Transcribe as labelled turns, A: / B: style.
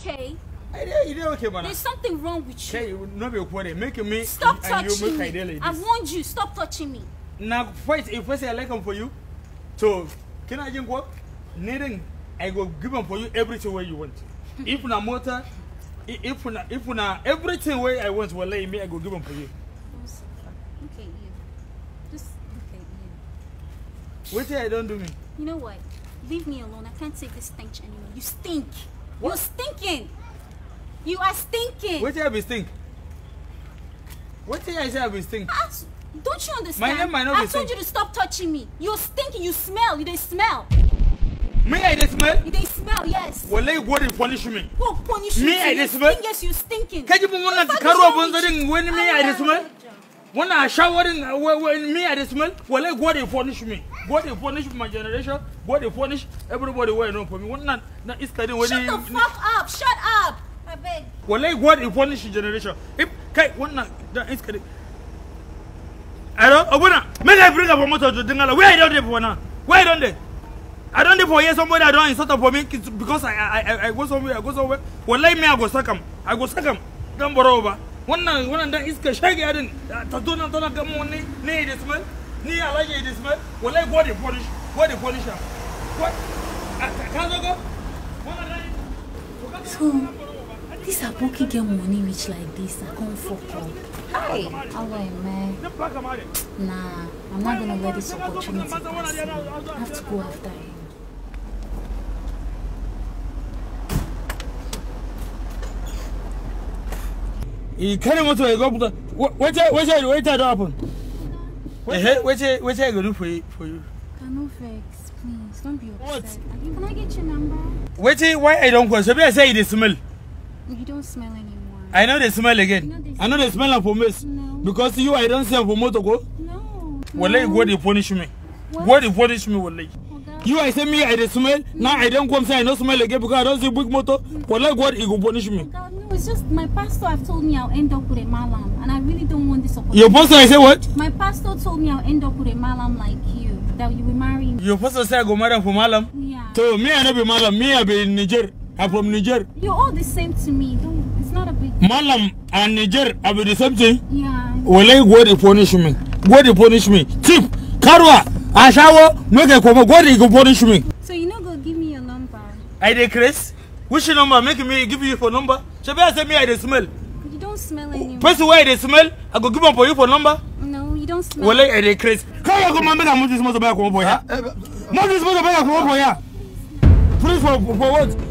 A: okay?
B: It okay, man. There's something wrong with you. Hey, you Make me stop touching me. I warned you. Stop touching me. Now, first, if I say I like them for you, so can I just go? Needing, I go give them for you everything where you want. if na motor, if na if na everything where I want, will lay me I go give them for you. Look at Wait till I don't do me.
A: You know what? Leave me alone. I can't take this stench anymore. You stink. What? You stinking. You are stinking. Wetin I
B: be stink? do I say I stink?
A: Ah, don't you understand? My name might not I be stink. I told you to stop touching me. You stinking. You smell. You dey smell.
B: Me I dey smell? You dey smell, yes. Wale you go dey punish me. Who punish me? Me I dey smell? Stink, yes, you stinking. Keji bu mwana tikaru abonzoring when me I dey smell? Wana ashawaring when me I dey smell? Wale you go dey punish me. go dey punish my generation go dey punish everybody wey know for me shut the fuck up
A: shut up abeg
B: wallahi go dey punish generation if kai wannan da iska din make i bring up motor to dingala where i don dey for now where i don I don't dey for somebody I don insult for me because I I I, I go somewhere I go somewhere wallahi me I go am I go am wannan wannan iska shege adin ta tona tona ne ne ni alaji it is man wallahi god dey punish god dey punish am what can
A: so this aboki get money reach like this i come fuck up
B: hi how are you man nah i'm not gonna let this opportunity pass me i have to go after him e carry motor go What? What? What? What? don happen Wetin wetin wetin I go do for you for you?
A: Kanu vex, please don't be upset. What? Can I get your number?
B: Wetin why I don call? Shebi I say you dey smell.
A: You don't smell anymore.
B: I know dey smell again. You know they I know dey smell am for mess. No. Because you I don see am for motor go. No. Wallahi no. God dey punish me. What? God punish me you i say me i dey smell now i don't come say i no smell again because i don't see big motor mm. Well, like what e go punish me
A: It's just my pastor have told me I'll end up with a malam and I really don't want this
B: opportunity. Your pastor said what?
A: My pastor told me I'll end up with a malam like you, that you will marry me. Your
B: pastor said I go marry for malam? Yeah. So me I no be malam, me I be in Niger. I'm from Niger.
A: You're all the same to me. Don't, it's not a big deal. Malam
B: and Niger I be the same thing? Yeah. Well, God will punish me. God will punish me. Tip, Karwa, Ashawo, make a Go God will punish me. So you no go give me your number? I dey Chris. Which number? Make me give you for number. Shebi I say me I dey smell.
A: You don't smell oh, anymore.
B: Person where I dey smell, I go give am for you for number. No, you don't smell. Wale I dey crazy. Come here, come on, make I move this motorbike come up ah, here. Eh, move this motorbike come up here. Please for for what?